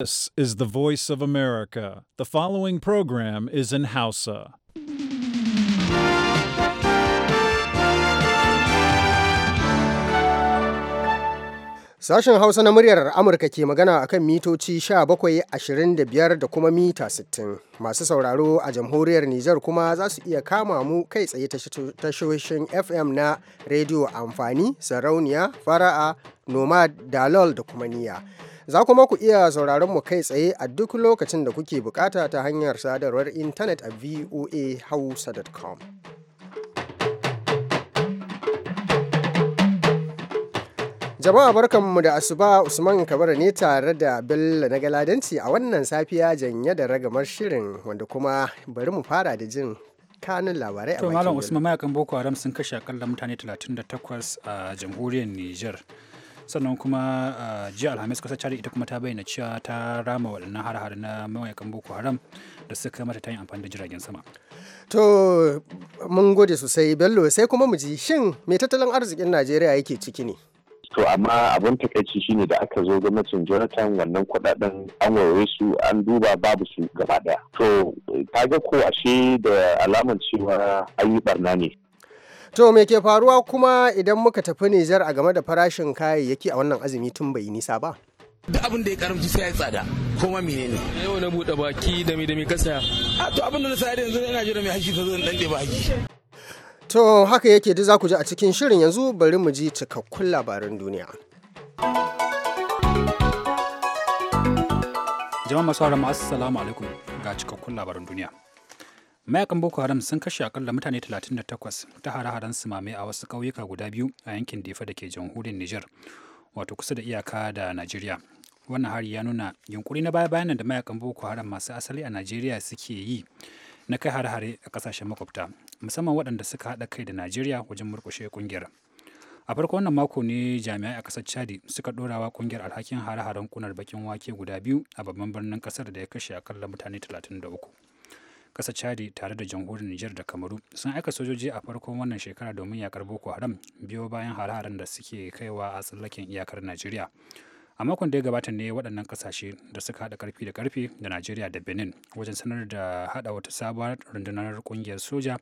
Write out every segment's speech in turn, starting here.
This is the voice of America. The following program is in Hausa. Sashen Hausa na muryar Amurka ke magana akan mitoci 1725 da kuma mita 60. Masu sauraro a jamhuriyar Nijar kuma za su iya kama mu kai tsaye tashoshin FM na rediyo amfani, sarauniya, fara'a, nomad, dalol da kuma niya. Za kuma ku iya sauraron mu kai tsaye a duk lokacin da kuke bukata ta hanyar sadarwar intanet a voahausa.com. Jama'a barkanmu da asuba Usman kabar ne tare da Bello na Galadanci a wannan safiya janye da ragamar shirin wanda kuma bari mu fara da jin kanin labarai a bakin Malam Usman mayakan Boko Haram sun kashe akalla mutane 38 a jamhuriyar niger. sannan kuma jiya alhamis kasar chad ita kuma ta bayyana cewa ta rama waɗannan har-har na mawaƙan boko haram da suka mata ta yi amfani da jiragen sama to mun gode sosai bello sai kuma mu ji shin me tattalin arzikin najeriya yake ciki ne to amma abin takaici shine da aka zo gwamnatin jonathan wannan kudaden an waye su an duba babu su gaba daya to ga ko ashe da alamar cewa ayi barna ne To me ke faruwa kuma idan muka tafi Nijar a game da farashin kayayyaki a wannan azumi tun bai nisa ba? duk abin da ya karamci sai ya tsada koma menene yau na buɗe baki da me da me ka saya a to abin da na saya yanzu ina jira mai hashi ta zo in dan ba to haka yake duk za ku ji a cikin shirin yanzu bari mu ji cikakkun labaran duniya jama'a masu haramu assalamu alaikum ga cikakkun labaran duniya mayakan boko haram sun kashe akalla mutane 38 ta hare-haren sumame a wasu ƙauyuka guda biyu a yankin defa da ke jamhuriyar niger wato kusa da iyaka da najeriya wannan hari ya nuna yunkuri na baya bayanan da mayakan boko haram masu asali a najeriya suke yi na kai hare-hare a kasashen makwabta musamman waɗanda suka haɗa kai da najeriya wajen murƙushe ƙungiyar a farko wannan mako ne jami'ai a ƙasar chadi suka ɗorawa ƙungiyar alhakin hare-haren kunar bakin wake guda biyu a babban birnin ƙasar da ya kashe akalla mutane 33 Ƙasa chadi tare da jamhuriyar niger da kamaru sun aika sojoji a farkon wannan shekara domin yakar boko haram biyo bayan hare-haren da suke kaiwa a tsallaken iyakar najeriya a makon da ya gabata ne waɗannan ƙasashe da suka haɗa ƙarfi da ƙarfi da najeriya da benin wajen sanar da haɗa wata sabuwar rundunar ƙungiyar soja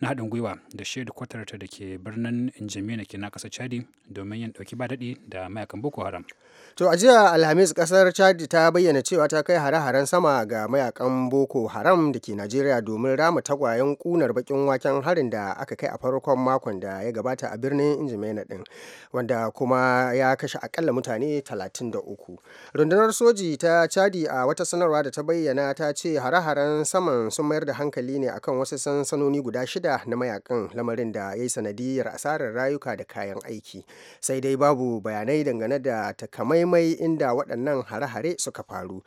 na haɗin gwiwa da shaidu kwatarta da ke birnin injimina ke na ƙasa chadi domin yin ɗauki ba daɗi da mayakan boko haram To a jiya Alhamis kasar Chad ta bayyana cewa ta kai hare-haren sama ga mayakan Boko Haram da ke Najeriya domin rama tagwayen kunar bakin waken harin da aka kai a farkon makon da ya gabata a birnin Injimena din wanda kuma ya kashe akalla mutane 33. Rundunar soji ta Chadi a wata sanarwa da ta bayyana ta ce hare-haren saman sun mayar da hankali ne akan wasu sansanoni guda shida na mayakan lamarin da ya yi sanadiyar asarar rayuka da kayan aiki. Sai dai babu bayanai dangane da takamaiman mai inda waɗannan hare-hare suka faru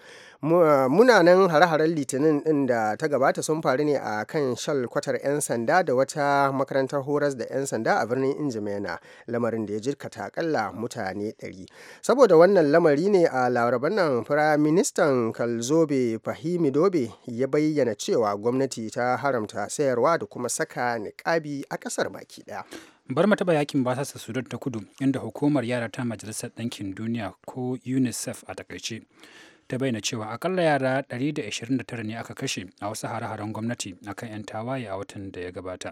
munanan hare-haren litinin ɗin da ta gabata sun faru ne a kan shal kwatar 'yan sanda da wata makarantar horas da 'yan sanda a birnin injimena lamarin da ya jirkata akalla mutane 100 saboda wannan lamari ne a larabannan nan firaministan kalzobe fahimi dobe ya bayyana cewa gwamnati ta haramta sayarwa da kuma saka niƙabi a ƙasar baki ɗaya bar mata taɓa yakin sa sudan ta kudu inda hukumar yara ta majalisar ɗankin duniya ko unicef a takaice ta bayyana cewa akalla yara 129 ne aka kashe a wasu hare-haren gwamnati akan 'yan tawaye a watan da ya gabata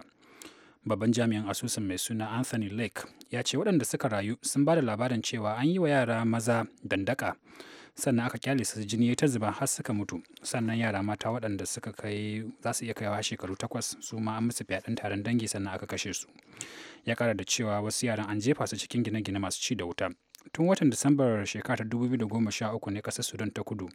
babban jami'an asusun mai suna anthony lake ya ce waɗanda suka rayu sun ba da labarin cewa an yi wa yara maza dandaka sannan aka kyale su jini ya ta zuba har suka mutu sannan yara mata waɗanda suka kai za su iya kaiwa shekaru takwas su ma an musu fyaɗen taron dangi sannan aka kashe su ya kara da cewa wasu yaran an jefa su cikin gine-gine masu ci da wuta tun watan disambar shekara ta 2013 ne ƙasar sudan ta kudu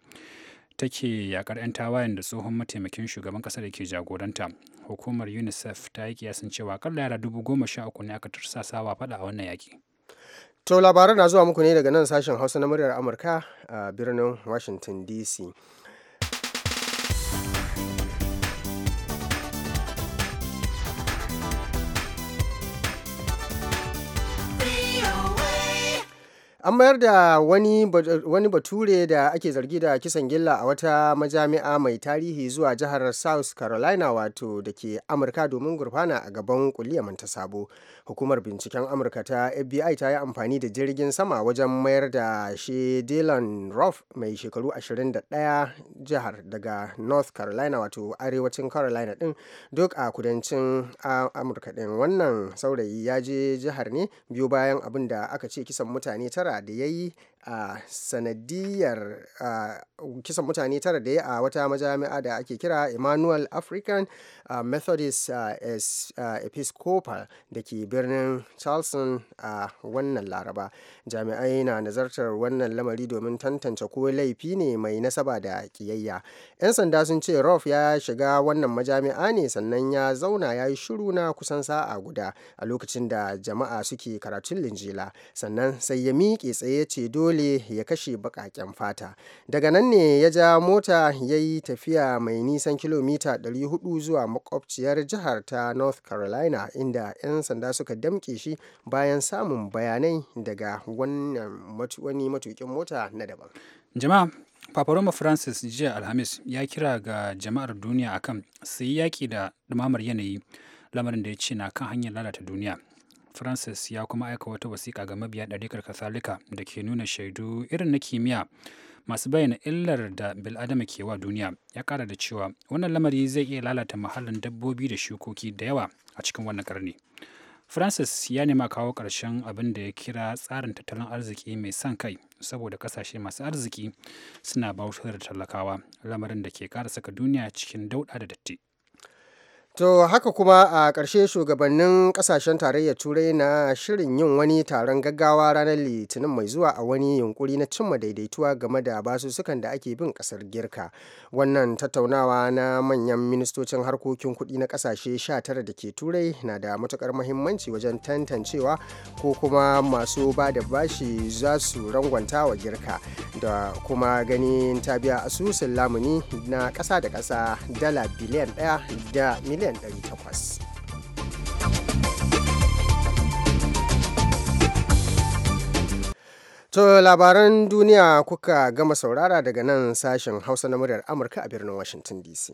take yakar 'yan tawayen da tsohon mataimakin shugaban kasar da ke jagoranta hukumar unicef ta yi kiyasin cewa akalla yara dubu goma sha uku ne aka tursasawa fada a wannan yaki To labaran na zuwa muku ne daga nan sashen Hausa na muryar Amurka a birnin Washington DC. an mayar da wani bature da ake zargi da kisan gilla a wata majami'a mai tarihi zuwa jihar south carolina wato da ke amurka domin gurfana a gaban kulliyaman ta sabo hukumar binciken amurka ta fbi ta yi amfani da jirgin sama wajen mayar da shi dylan ruff mai shekaru 21 jihar daga north carolina wato arewacin carolina din duk a kudancin amurka din wannan saurayi ya je jihar ne biyu bayan abin da aka ce kisan mutane tara da ya yi a sanadiyar kisan mutane tara da ya a wata majami'a da ake kira emmanuel african methodist episcopal da ke birnin charleston a wannan laraba jami'ai na nazartar wannan lamari domin tantance ko laifi ne mai nasaba da kiyayya 'yan sanda sun ce rof ya shiga wannan majami'a ne sannan ya zauna ya yi shiru na kusan sa'a guda a lokacin da jama'a suke karatun linjila sannan sai ya miƙe tsaye ce dole ya kashe baƙaƙen fata daga nan ne ya ja mota ya yi tafiya mai nisan kilomita 400 zuwa makwabciyar jihar ta north carolina inda 'yan sanda suka damƙe shi bayan samun bayanai daga wannan wani matuƙin mota na daban jama'a Paparoma Francis jiya Alhamis ya kira ga jama'ar duniya akan su yi yaƙi da ɗumamar yanayi lamarin da ya ce na kan hanyar lalata duniya. Francis ya kuma aika wata wasiƙa ga mabiya ɗarikar kasalika da ke nuna shaidu irin na kimiyya masu bayyana illar da bil'adama ke wa duniya ya ƙara da cewa wannan lamari zai iya lalata muhallin dabbobi da shukoki da yawa a cikin wannan ƙarni. Francis ya nema kawo ƙarshen abin da ya kira tsarin tattalin arziki mai son kai saboda kasashe masu arziki suna bautar da talakawa lamarin da ke ƙara saka duniya cikin dauɗa da datti. To haka kuma a ƙarshe shugabannin ƙasashen tarayyar turai na shirin yin wani taron gaggawa ranar litinin mai zuwa a wani yunkuri na cimma daidaituwa game da basussukan da ake bin ƙasar girka wannan tattaunawa na manyan ministocin harkokin kuɗi na ƙasashe 19 da ke turai na da matuƙar mahimmanci wajen tantancewa ko kuma masu ba da bashi za su rangwanta wa girka da kuma ganin ta biya asusun lamuni na ƙasa da ƙasa dala biliyan ɗaya da miliyan miliyan 800 To labaran duniya kuka gama saurara daga nan sashen Hausa na muryar Amurka a birnin Washington DC.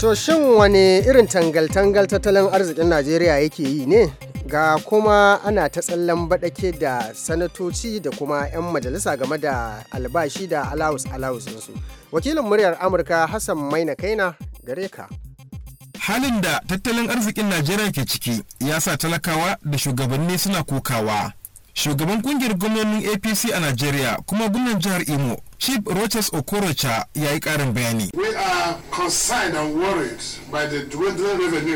To shin wane irin tangal-tangal tattalin arzikin Najeriya yake yi ne? ga kuma ana ta tsallan baɗake da sanatoci da kuma 'yan majalisa game da albashi da alawus alawusinsu wakilin muryar amurka hassan maina kaina gare ka halin da tattalin arzikin najeriya ke ciki ya sa talakawa da shugabanni suna kokawa shugaban kungiyar gwamnonin apc a najeriya kuma gwamnan jihar imo Chief Rochas Okorocha ya yi ƙarin bayani.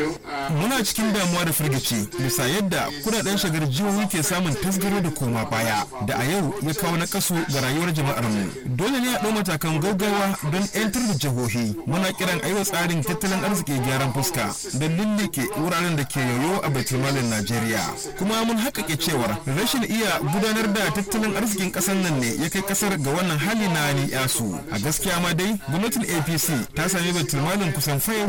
Uh, Muna cikin damuwa da firgici bisa yadda kudaden shagar jihohi ke samun tasgaro da koma baya da a yau ya kawo na kaso ga rayuwar jama'ar mu. Dole ne a ɗau matakan gaggawa don 'yantar da jihohi. Muna kiran aiwa tsarin tattalin arziki gyaran fuska don lillike wuraren da ke yoyo a baitulmalin Najeriya. Kuma mun haƙaƙe cewar rashin iya gudanar da tattalin arzikin ƙasar nan ne ya kai ƙasar ga wannan halin yasu a gaskiya ma dai gwamnatin apc ta sami batul malin kusan fai.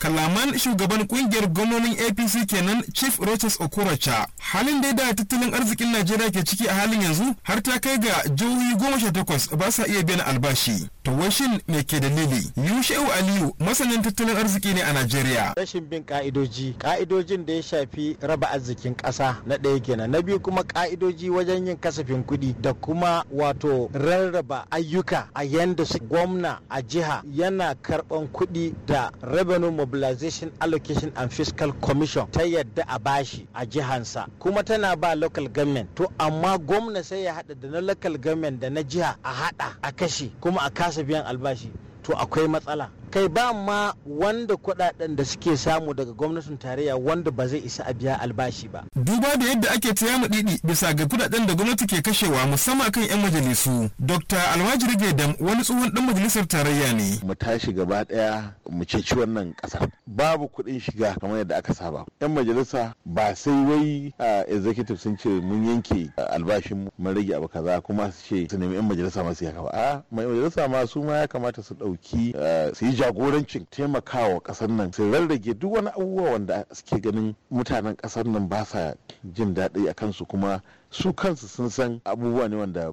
kalaman shugaban kungiyar gwamnonin apc kenan chief rochas okoracha halin dai da tattalin arzikin najeriya ke ciki a halin yanzu har ta kai ga jihohi goma sha takwas ba sa iya biyan albashi To washin me ke dalili? Yushe'u Aliyu masanin tattalin arziki ne a Najeriya. Rashin bin ka'idoji, ka'idojin da ya shafi raba arzikin ƙasa na ɗaya kenan. Na biyu kuma ka'idoji wajen yin kasafin kuɗi da kuma wato rarraba ayyuka a yanda su gwamna a jiha yana karɓan kuɗi da Revenue Mobilization Allocation and Fiscal Commission ta yadda a bashi a jihansa kuma tana ba local government to amma gwamna sai ya haɗa da na local government da na jiha a haɗa a kashe kuma a kasafiyan albashi to akwai matsala kai ba ma wanda kudaden da suke samu daga gwamnatin tarayya wanda ba zai isa a biya albashi ba. Duba da yadda ake taya mu didi bisa ga kudaden da gwamnati ke kashewa musamman kan 'yan majalisu. Dr. rage Gaidam wani tsohon dan majalisar tarayya ne. Mu tashi gaba daya mu ci wannan kasar Babu kuɗin shiga kamar yadda aka saba. 'Yan majalisa ba sai wai a executive sun ce mun yanke albashin mun rage abu kaza kuma su ce su nemi 'yan majalisa masu ya ba. A majalisa ma su ma ya kamata su ɗauki su yi jagorancin taimakawa kasar nan sai rarrage duk wani abubuwa wanda suke ganin mutanen kasar nan ba sa jin daɗi a kansu kuma su kansu sun san abubuwa ne wanda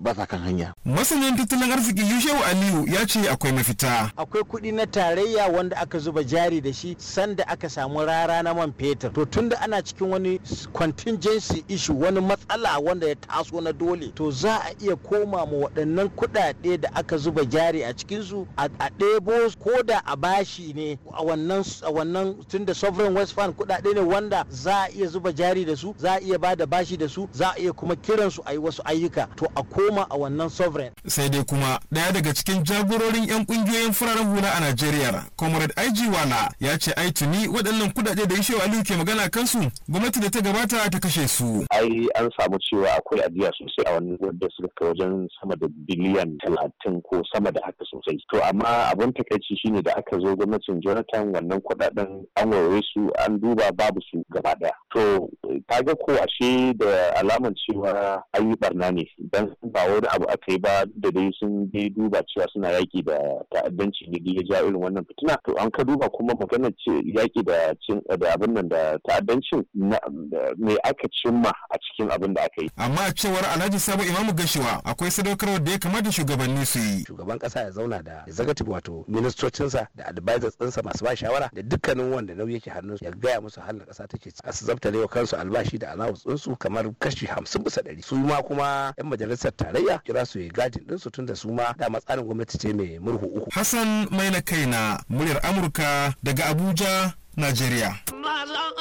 ba sa kan hanya. Masanin tattalin arziki Yushewu Aliyu ya ce akwai mafita. Akwai kuɗi na tarayya wanda aka zuba jari da shi sanda aka samu rara na man fetur. To tunda ana cikin wani contingency issue wani matsala wanda ya taso na dole to za a iya koma ma waɗannan kuɗaɗe da aka zuba jari a cikinsu a ɗebo ko da a bashi ne a wannan tunda sovereign west fund kuɗaɗe ne wanda za a iya zuba jari da su za a iya ba da bashi da su za a iya kuma kiransu a yi wasu ayyuka to a koma a wannan sovereign. sai dai kuma daya daga cikin jagororin 'yan kungiyoyin fararen hula a najeriya comrade ig wala ya ce ai tuni waɗannan kuɗaɗe da ishewa aliyu ke magana kansu gwamnati da ta gabata ta kashe su. ai an samu cewa akwai ajiya sosai a wani wadda suka kai wajen sama da biliyan talatin ko sama da haka sosai to amma abin takaici shine da aka zo gwamnatin jonathan wannan kuɗaɗen an waye su an duba babu su gaba ɗaya to kaga ko ashe da da cewa an yi barna ne don ba wani abu aka yi ba da dai sun bi duba cewa suna yaƙi da ta'addanci ne da ya ja irin wannan fitina to an ka duba kuma maganar ce yaƙi da cin da abin nan da ta'addancin me aka cimma a cikin abin da aka yi amma a cewar Alhaji Sabo Imamu Gashiwa akwai sadaukarwar da ya kamata shugabanni su yi shugaban ƙasa ya zauna da executive wato ministocinsa da advisors ɗinsa masu ba shawara da dukkanin wanda nauyi yake hannunsu ya gaya musu halin ƙasa take a su zabtare wa kansu albashi da allowance ɗinsu kamar kashi hamsin bisa ɗari su ma kuma yan majalisar tarayya kira su yi gadin ɗinsu tun da su ma dama tsarin gwamnati ce mai murhu uku. Hassan mai kaina muryar Amurka daga Abuja Najeriya. Allah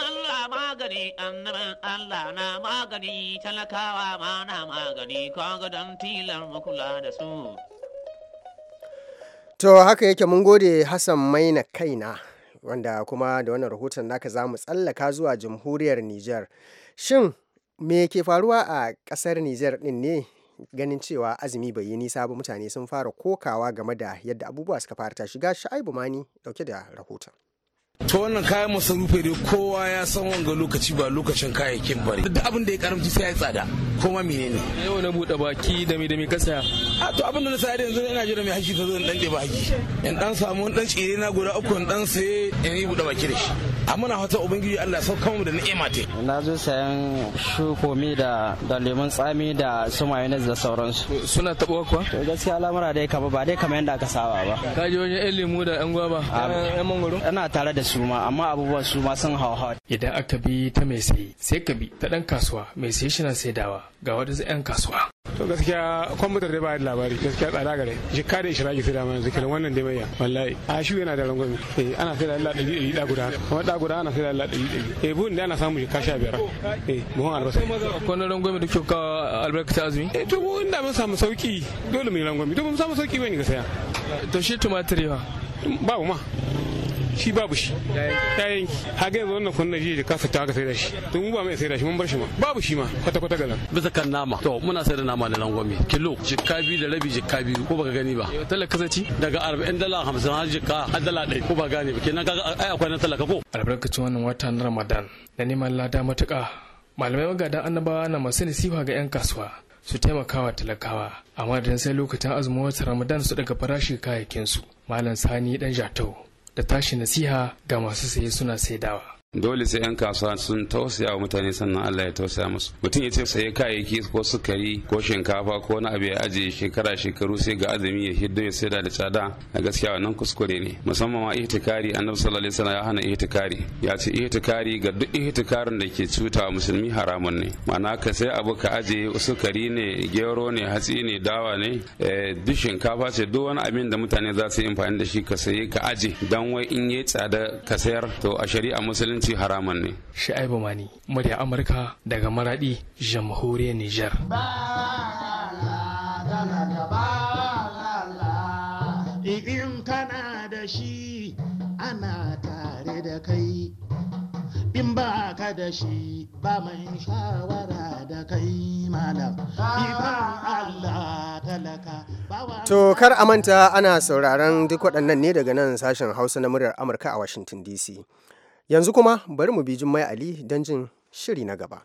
magani, Allah na magani, talakawa ma na magani, kwa don tilar makula da su. To haka yake mun gode Hassan Maina kaina wanda kuma da wannan rahoton naka za mu tsallaka zuwa jamhuriyar Nijar. Shin me ke faruwa a ƙasar Nijar ɗin ne ganin cewa azumi bai yi nisa ba mutane sun fara kokawa game da yadda abubuwa suka fara ta shiga sha'ibu mani dauke da rahoton. to wannan kayan masarufi dai kowa ya san wanga lokaci ba lokacin kayayyakin bari. duk abin da ya karamci sai ya tsada koma menene yau na bude baki da me da me ka saya a to abin da na saya yanzu ina jira mai hashi ta zo in dan ba haki in dan samu in dan tsire na guda uku in dan saye in yi bude baki da shi amma na fata ubangiji Allah sau mu da ni'ima te na zo sayan shukomi da da lemun tsami da su mayonnaise da sauransu suna tabuwa kuwa to gaskiya lamura dai kaba ba dai kamar yanda aka saba ba ka ji wajen yan lemu da yan gwaba yan mangoro ana tare da su ma amma abubuwa su ma sun hawa Idan aka bi ta mai sai sai ka bi ta ɗan kasuwa mai sai shi na saidawa ga wadansu 'yan kasuwa. to gaskiya kwamfutar dai ba da labari gaskiya tsada gare ka da ishiraki sai da mana zikirin wannan dai maiya wallahi a shi yana da rangwami eh ana sai da Allah ɗari ɗari da guda kuma da guda ana sai da Allah da ɗari eh buhun da ana samu ka sha biyar eh buhun albasa akwai na rangwami da kyau ka albarkata azumi eh to mu inda mun samu sauki dole mu yi rangwami to mun samu sauki bane ga saya to shi tumatir ba babu ma shi babu shi ta yanki haga yanzu wannan kunna ji ka fita ka sai da shi to mu ba mai sai da shi mun bar shi ma babu shi ma kwata kwata galan bisa kan nama to muna sai da nama da langwami kilo jikka biyu da rabi jikka biyu ko baka gani ba talaka kasance. daga 40 dala 50 har jikka har dala 1 ko ba gani ba kenan kaga ai akwai na talaka ko albarkacin wannan wata na Ramadan na neman lada matuka malamai magadan annabawa na masu nasiha ga 'yan kasuwa su taimakawa talakawa amma dan sai lokacin azumin watan ramadan su daga farashi kayayyakin su malam sani dan jatau da tashi nasiha ga masu saye suna saidawa dole sai 'yan kasuwa sun tausaya wa mutane sannan Allah ya tausaya musu mutum ya ce saye kayayyaki ko sukari ko shinkafa ko na abu ya ajiye shekara shekaru sai ga azumi ya hiddo ya saida da tsada a gaskiya wannan kuskure ne musamman ma ihtikari annabi sallallahu alaihi wasallam ya hana ihtikari ya ce ihtikari ga duk ihtikarin da ke cuta wa musulmi haramun ne ma'ana ka sai abu ka ajiye sukari ne gero ne hatsi ne dawa ne eh, duk shinkafa ce duk wani abin da mutane za su yi amfani da shi ka saye ka aje dan wai in yi tsada ka sayar to a shari'a musulmi ta'addanci haraman ne sha'ibu mani murya amurka daga maraɗi jamhuriyar nijar in kana da ana tare da ka da shi shawara da To kar a manta ana sauraron duk waɗannan ne daga nan sashen Hausa na muryar Amurka a Washington DC. Yanzu kuma bari mu bi Jummai Ali don jin shiri na gaba.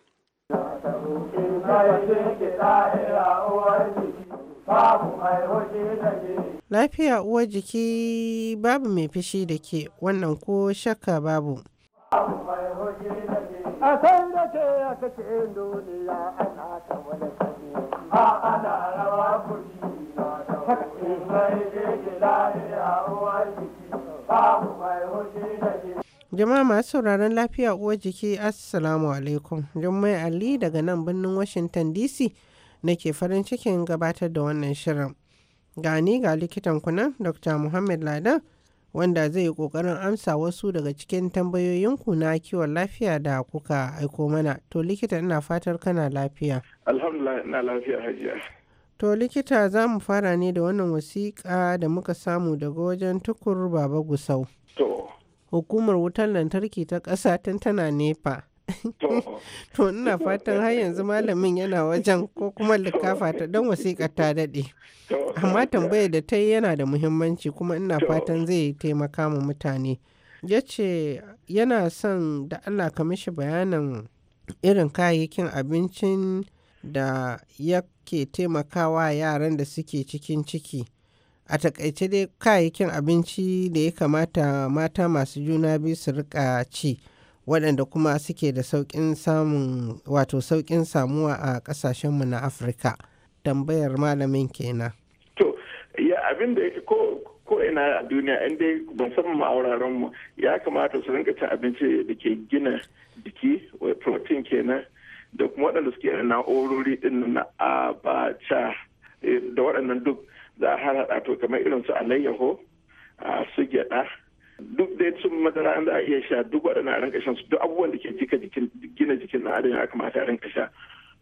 Lafiya uwar jiki babu mai fishi da ke wannan ko shakka babu. duniya ana ta wani a ana rawa haka jama'a masu sauraron lafiya uwar jiki assalamu alaikum jummai ali daga nan birnin washington dc nake farin cikin gabatar da wannan shirin gani ga likitan kuna dr muhammad ladan wanda zai yi kokarin amsa wasu daga cikin tambayoyinku na kiwon lafiya da kuka aiko mana to likita ina fatar kana lafiya alhamdulillah ina lafiya hajiya To likita za mu fara ne da wannan wasiƙa da muka samu daga wajen tukur Baba Gusau. Hukumar wutar lantarki ta ƙasa tun tana nefa. To ina fatan har yanzu malamin yana wajen ko kuma likafa ta don wasiƙar ta daɗe. Amma tambayar da ta yi yana da muhimmanci kuma ina fatan zai taimaka ma mutane. Ya ce yana son da Allah ka mishi bayanin irin kayayyakin abincin da yake taimakawa yaran da suke cikin ciki a takaice dai kayayyakin abinci da ya kamata mata masu juna biyu su rika ci waɗanda kuma suke da sauƙin samun wato sauƙin samuwa a ƙasashenmu na afirka tambayar malamin kenan to ya abin da ko ko ina a duniya in dai san a mu ya kamata su rinka cin abinci da ke gina jiki protein kenan da kuma waɗanda suke da na'urori ɗin na abaca eh, da waɗannan duk za a haɗa to kamar irin su alayyaho su gyaɗa duk dai sun madara da a iya sha duk waɗannan a rinka shan su duk abubuwan da ke jika gina jikin na adana ya kamata a rinka sha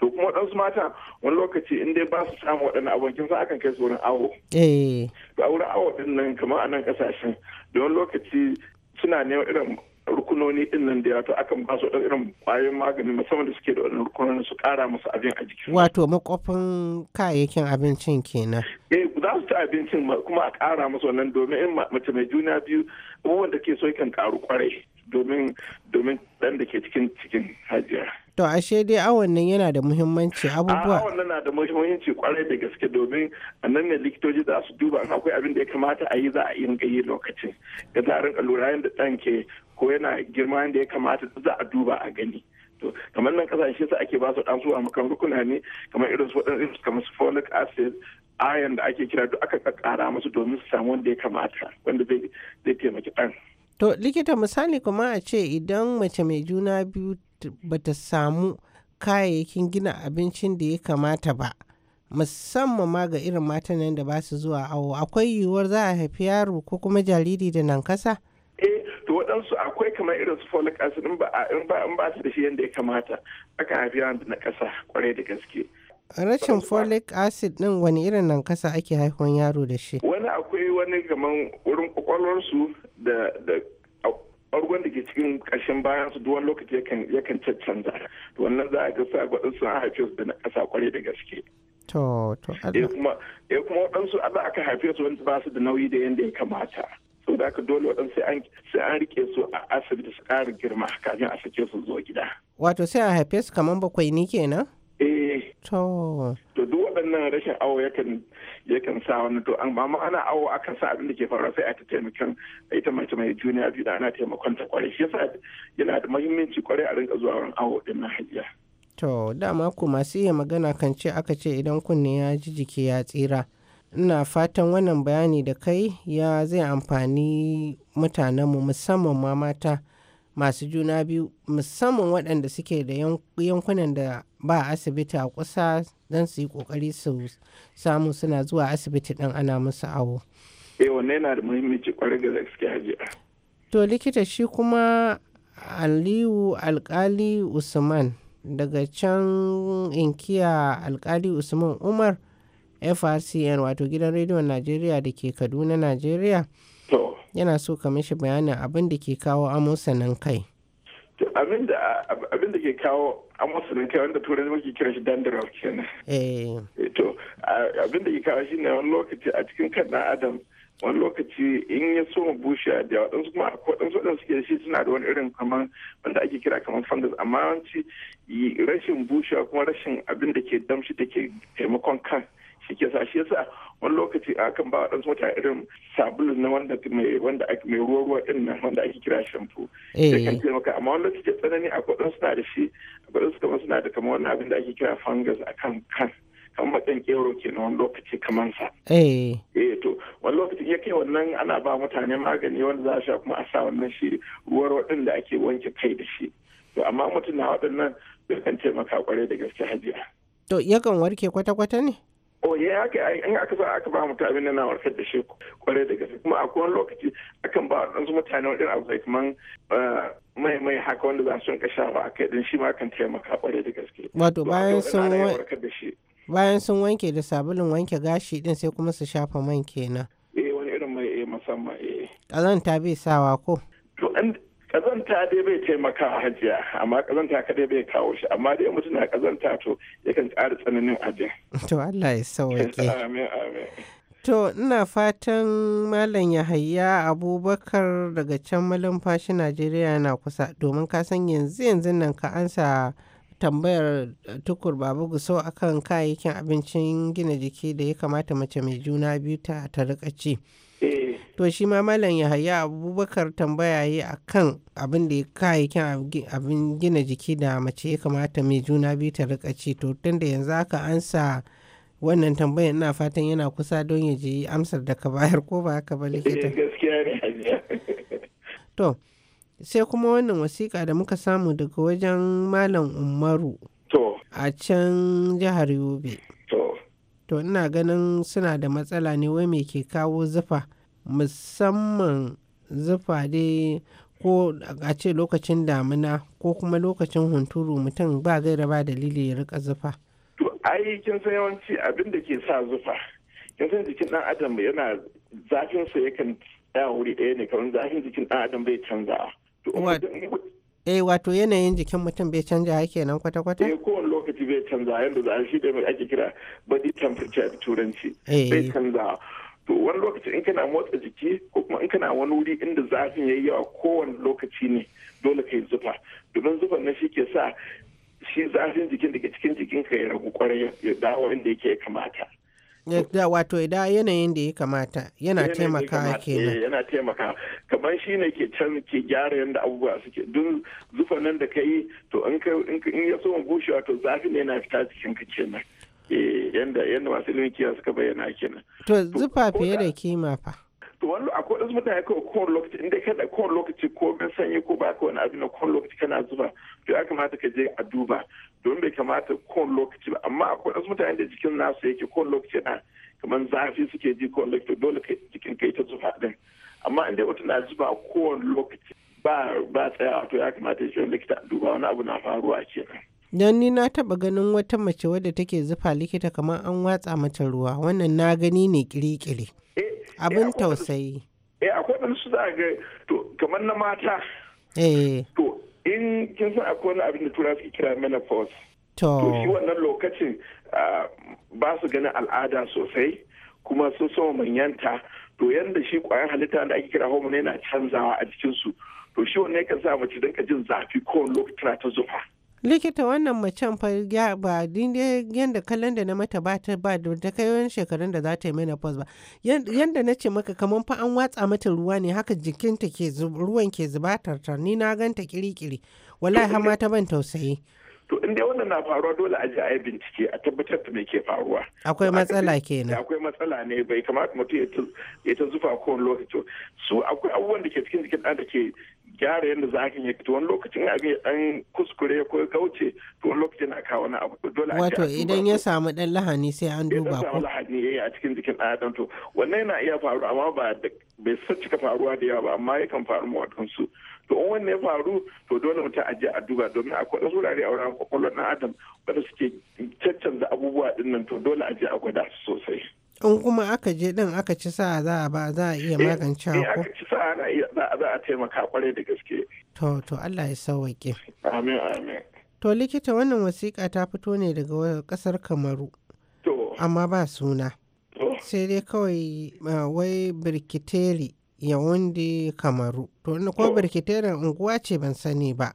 to kuma waɗansu mata wani lokaci in dai ba su samu waɗannan abubuwan kin san akan kai su wurin awo eh. to a wurin awo ɗin nan kamar a nan ƙasashen da wani lokaci suna neman irin rukunoni din nan da ya to akan ba su irin kwayoyin magani musamman da suke da wannan rukunoni su kara musu abin a jiki. Wato makofin kayayyakin abincin kenan. Eh za su ci abincin kuma a kara musu wannan domin in mace mai juna biyu abubuwan da ke so kan karu kwarai domin domin dan da ke cikin cikin hajiya. To ashe dai awon nan yana da muhimmanci abubuwa. Awon nan na da muhimmanci kwarai da gaske domin a nan ne likitoci za su duba akwai abin da ya kamata a yi za a yi yi lokacin. ga za a lura yadda ɗan ke ko yana girma da ya kamata za a duba a gani to kamar nan kasashe su ake ba su dan su a makan rukuna ne kamar irin su waɗannan kamar su folic acid iron da ake kira duk aka ƙara musu domin su samu wanda ya kamata wanda zai taimaki ɗan. To likita misali kuma a ce idan mace mai juna biyu bata samu kayayyakin gina abincin da ya kamata ba musamman ma ga irin matan nan da ba su zuwa awo akwai yiwuwar za a haifi yaro ko kuma jariri da nan kasa? to waɗansu akwai kamar irin su folic acid in ba in ba su da shi yadda ya kamata aka haifi yawan da na ƙasa kwarai da gaske rashin folic acid din wani irin nan ƙasa ake haifon yaro da shi wani akwai wani kamar wurin su da da ɓargon da ke cikin ƙarshen bayan su duwan lokaci yakan cancanza to wannan za a ga sa waɗansu an haife su da na ƙasa kwarai da gaske to to eh kuma ya eh kuma waɗansu aka haife su wanda ba su da nauyi da yadda ya kamata to da haka dole waɗansu sai an rike su a asibiti su ƙara girma kafin a sake su zuwa gida. Wato sai a haife su kamar bakwai ni kenan? Eh. To. To duk waɗannan rashin awo yakan yakan sa wani to mu ana awo akan sa abin da ke faruwa sai a ta a ita mace mai juniya biyu da ana taimakon ta kwarai shi yasa yana da muhimmanci kwarai a rinka zuwa wurin awo ɗin na hajiya. To dama ku masu iya magana kan ce aka ce idan kunne ya ji jiki ya tsira. Ina fatan wannan bayani da kai ya zai amfani mutanenmu musamman ma mata masu juna biyu musamman waɗanda suke da yankunan da ba asibiti a kusa don su yi ƙoƙari su samu suna zuwa asibiti ɗin ana musu awo. Eh wannan yana da muhimmanci kwarai da gaske hajji. To likita shi kuma Aliyu Alkali Usman daga can inkiya Alkali Usman Umar. frcn wato gidan rediyon najeriya da ke kaduna najeriya yana so ka mishi bayanin abin da ke kawo amosanin kai abin da ke kawo amosanin kai wanda turai muke kira shi dandruff kenan eh. Eh, abin da ke kawo shi ne wani lokaci a cikin kan adam wani lokaci in ya so bushe da waɗansu kuma waɗansu waɗansu suke da shi suna da wani irin kamar wanda ake kira kamar fungus amma yawanci rashin bushewa kuma rashin abin da ke damshi da ke taimakon kan shi ke sa shi yasa wani lokaci akan ba waɗansu wata irin sabulu na wanda mai wanda ake mai ruwa ruwa din nan wanda ake kira shampo da eh. kan taimaka amma wani lokaci tsanani a kwaɗon suna da shi akwai su kamar suna da kamar wani abin da ake kira fungus a kan kan matsayin kero ke na wani lokaci kamar sa. Eh, eh to wani lokaci ya kai wannan ana ba mutane magani wanda za a sha kuma a sa wannan shi ruwa ruwa din da ake wanke kai da shi. To amma mutum na waɗannan kan taimaka kwarai da gaske hajiya. To yakan warke kwata-kwata ne? oye oh, ya haka in aka sa aka ba mutum abin nana warkar da shi kwarai da gaske kuma a wani lokaci akan ba waɗansu mutane wadin abu da kuma eh, mai mai haka wanda za su rinka shafa a kai din shi ma kan taimaka kwarai da gaske wato bayan sun bayan sun wanke da sabulun wanke gashi din sai kuma su shafa man kenan eh wani irin mai eh musamman eh ta bi sawa ko to kazanta dai bai taimaka a hajiya amma kazanta kadai bai kawo shi amma dai mutum na kazanta to yakan ƙara tsananin hajiya to Allah ya sauke amin to ina fatan malam yahaya abubakar daga can malumfashi najeriya na kusa domin ka san yanzu yanzu nan ka ansa tambayar tukur babu guso akan kayayyakin abincin gina jiki da ya kamata mace mai juna biyu ta rika ci. to shi ma malam yahaya abubakar tambaya yi a kan abin da ya kayayyakin abin gina jiki da mace ya kamata mai juna biyu ta rika ci to tun da yanzu haka ansa wannan tambayan ina fatan yana kusa don ya ji amsar da ka bayar ko ba ka ba likita eh, to sai kuma wannan wasiƙa da muka samu daga wajen malam umaru a can jihar yobe to ina ganin suna da matsala ne wai me ke kawo zufa musamman zufa dai ko a ce lokacin damina ko kuma lokacin hunturu mutum ba zai raba dalili ya rika zufa. To ai kin san yawanci abin da ke sa zufa kin san jikin dan adam yana zafin sa yakan tsaya wuri ɗaya ne kamar zafin jikin dan adam bai canza. Eh wato yanayin jikin mutum bai canza canja kenan kwata-kwata? Eh kowane lokaci bai canza yadda za shi da mai ake kira body temperature turanci eh. bai canza. to wani lokaci in kana motsa jiki ko kuma in kana wani wuri inda zafin yayi yawa kowane lokaci ne dole ka yi zufa domin zufan nan shi ke sa shi zafin jikin daga cikin cikin jikinka ya ragu kwarai ya dawo inda yake ya kamata da wato idan yanayin da ya kamata yana taimakawa kenan eh, yana taimaka kamar shi ne ke can ke gyara yadda abubuwa suke duk zufa nan da ka yi to in ya so gushewa to zafi ne yana fita cikin ka kenan yanda yanda masu ilimin kiyaye suka bayyana kenan to zufa fiye da kima fa to wani akwai wasu mutane kawai kowane lokaci inda ka da kowane lokaci ko min sanyi ko ba ka wani abin na kowane lokaci kana zuba to ya kamata ka je a duba don bai kamata kowane lokaci ba amma akwai wasu mutane da jikin nasu yake kowane lokaci na kamar zafi suke ji kowane lokaci dole ka jikin kai ta zufa din amma inda mutum na zuba kowane lokaci ba ba tsayawa to ya kamata ya shi likita a duba wani abu na faruwa kenan. Don ni na taba ganin wata mace wadda take zufa likita kamar an watsa mata ruwa wannan na gani ne kirikiri. Eh, abin tausayi. Eh akwai dan su eh, za ga to kamar na mata. Eh. To in kin san akwai wani abin da tura suke kira menopause. To. To shi wannan lokacin ah, ba su ganin al'ada sosai kuma sun sama manyanta to yanda shi kwayar halitta da ake kira hormone yana canzawa a jikin su to shi wannan yakan sa mace dinka jin zafi kowane lokacin ta zufa. likita wannan macen fa ba dinde yanda da na mata ba ta ba da kai wani shekarun da za ta yi menopause ba yanda na ce maka kamar fa an watsa mata ruwa ne haka jikinta ke ruwan ke zubatar ta ni na ganta kirikiri wallahi har ma ta ban tausayi to in dai wannan na faruwa dole a je a yi bincike a tabbatar da me ke faruwa akwai matsala kenan akwai matsala ne bai kamata mutum ya ta zufa kowane lokaci su akwai abubuwan da ke cikin jikin ɗan da ke gyara yadda za a kan yi wani lokacin abin an kuskure ko kauce tuwon lokacin a kawo na abu dole wato idan ya samu dan lahani sai an duba ko idan lahani yayi eh, a cikin jikin ɗan adam to wannan yana iya faru amma ba bai san cika faruwa da yawa ba amma yakan faru ma su to in wannan ya faru to dole mutum a je a duba domin akwai wasu wurare a wurin kwakwalwar ɗan adam wanda suke caccanza abubuwa ɗin nan to dole a je a gwada su sosai. in kuma aka je din aka ci sa'a za a ba za a iya eh, magance ko aka ci sa'a za a taimaka kwarai da gaske to to Allah ya sauwake amin amin to likita wannan wasiƙa ta fito ne daga ƙasar Kamaru to amma ba suna sai dai kawai wai birkiteri ya wunde Kamaru to ko birkiteri unguwa ce ban sani ba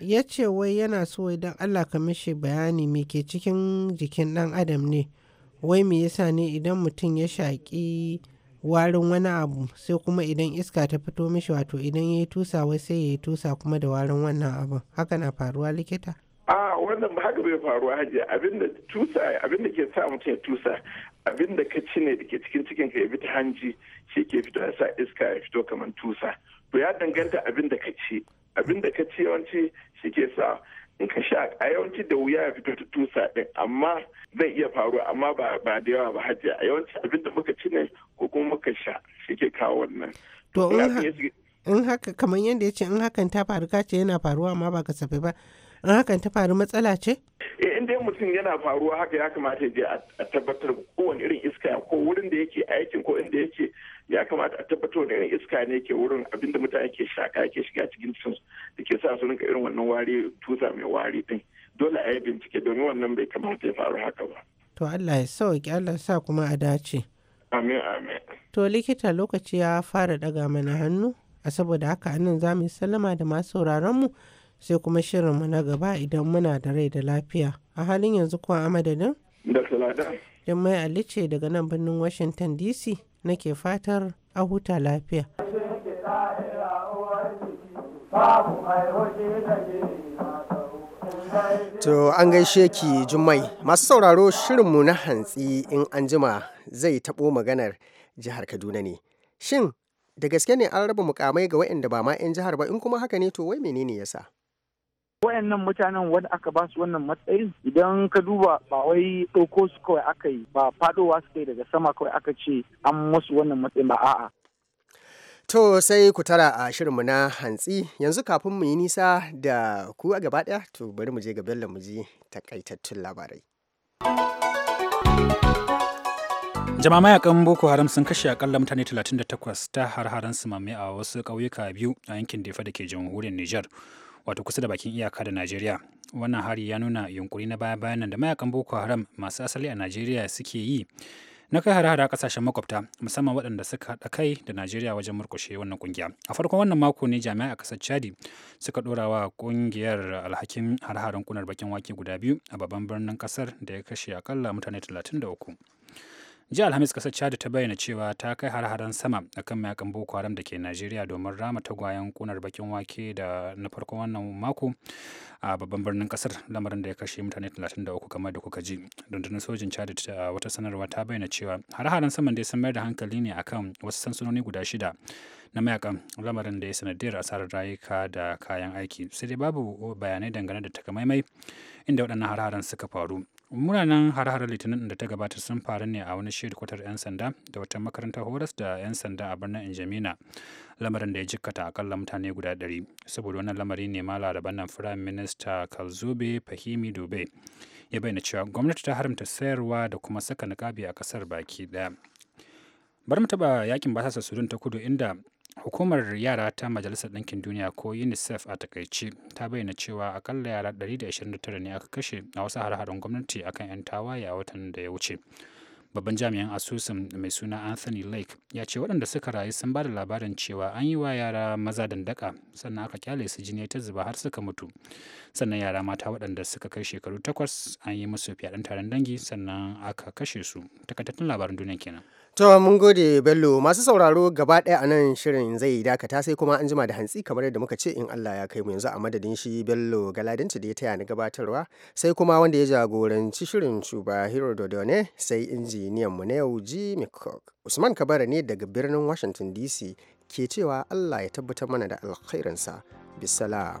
ya ce wai yana so idan Allah ka mishi bayani me ke cikin jikin ɗan adam ne wai me yasa ne idan mutum ya shaƙi warin wani abu sai kuma idan iska ta fito mishi wato idan ya yi tusa wai sai ya yi tusa kuma da warin wannan abu haka na faruwa likita a wannan ba haka bai faruwa hajji abinda tusa abinda ke sa mutum ya tusa abinda ka ci ne da ke cikin cikin ka ya fita hanji shi ke fito ya sa iska ya fito kamar tusa to ya danganta abinda ka ci abinda ka ci yawanci shi ke sa in ka sha a yawanci da wuya ya fito ta tusa din amma zai iya faruwa amma ba da yawa ba hajji a yawanci abinda muka ci ne ko kuma muka sha shi ke kawo wannan in haka kamar yadda ya ce in hakan ta faru ka yana faruwa amma ba kasafai ba in hakan ta faru matsala ce? e eh, inda mutum yana faruwa haka ya kamata ya je a tabbatar kowane irin iska ko wurin da yake aikin ko inda yake ya kamata a tabbatar da irin iska ne ke wurin abinda mutane ke shaka ke shiga cikin cikin da ke sa su rinka irin wannan wari tusa mai wari din dole a yi bincike domin wannan bai kamata ya faru haka ba. To Allah ya sauki Allah sa kuma a dace. Amin amin. To likita lokaci ya fara daga mana hannu. a saboda haka anan za mu yi sallama da masu sauraronmu sai kuma shirinmu na gaba idan muna da rai da lafiya a halin yanzu kuwa a madadin da mai alice daga nan birnin washington dc nake fatar a huta lafiya To an gaishe ki Jummai masu sauraro shirin mu na hantsi in anjima zai taɓo maganar jihar Kaduna ne. Shin da gaske ne an raba mukamai ga waɗanda ba ma 'yan jihar ba in kuma haka ne to wai menene ya yasa wayannan mutanen wanda aka ba su wannan matsayin idan ka duba ba wai ɗauko su kawai aka yi ba fadowa su kai daga sama kawai aka ce an musu wannan matsayin ba a'a To sai ku tara a shirinmu na hantsi yanzu kafin mu yi nisa da ku a gaba ɗaya to bari mu je ga Bello mu je takaitattun labarai. jama'a mayakan boko haram sun kashe akalla mutane 38 ta har-haren sumame a wasu ƙauyuka biyu a yankin defa da ke jamhuriyar niger wato kusa da bakin iyaka da najeriya wannan hari ya nuna yunkuri na baya-bayan nan da mayakan boko haram masu asali a najeriya suke yi na kai har hara a kasashen makwabta musamman waɗanda suka haɗa kai da najeriya wajen murkushe wannan kungiya a farkon wannan mako ne jami'a a ƙasar chadi suka ɗora wa ƙungiyar alhakin har haren kunar bakin wake guda biyu a babban birnin ƙasar da ya kashe akalla mutane 33 jiya alhamis kasar chad ta bayyana cewa ta kai har-haren sama akan mayakan boko haram da ke najeriya domin rama tagwayen kunar bakin wake da na farko wannan mako a babban birnin kasar lamarin da ya kashe mutane 33 kamar da kuka ji rundunar sojin chad ta wata sanarwa ta bayyana cewa har-haren saman ya san mayar da hankali ne akan wasu sansanoni guda shida na mayakan lamarin da ya sanadiyar asarar rayuka da kayan aiki sai dai babu bayanai dangane da takamaimai inda waɗannan har-haren suka faru Munanan har-harar Litinin da ta gabata sun faru ne a wani kwatar 'yan sanda da wata makarantar horas da 'yan sanda a birnin Injamina, lamarin da ya jikkata akalla mutane guda ɗari. Saboda wannan lamari ne ma laraban nan Firayim Minista Kalzobe Fahimi Dube ya bayyana cewa gwamnati ta haramta sayarwa da kuma saka nikabi a ƙasar baki ɗaya. Bari mu taɓa yakin basasa Sudan ta kudu inda hukumar yara ta majalisar ɗinkin duniya ko unicef a takaice ta bayyana cewa akalla yara 129 ne aka kashe a wasu har-haren gwamnati akan 'yan tawaye a watan da ya wuce babban jami'an asusun mai suna anthony lake ya ce waɗanda suka rayu sun ba da labarin cewa an yi wa yara maza dandaka sannan aka kyale su jini ta zuba har suka mutu sannan yara mata waɗanda suka kai shekaru takwas an yi musu fyaɗen taron dangi sannan aka kashe su takaitattun labarin duniya kenan To mun gode Bello masu sauraro gaba ɗaya a nan shirin zai dakata sai kuma an jima da hantsi kamar yadda muka ce in Allah ya kai mu yanzu a madadin shi Bello Galadinci da ya taya na gabatarwa sai kuma wanda ya jagoranci shirin shuba Hero Dodone sai injiniyan mu na yau Jimmy Cook. Usman Kabara ne daga birnin Washington DC ke cewa Allah ya tabbatar mana da alkhairinsa. Bisalam.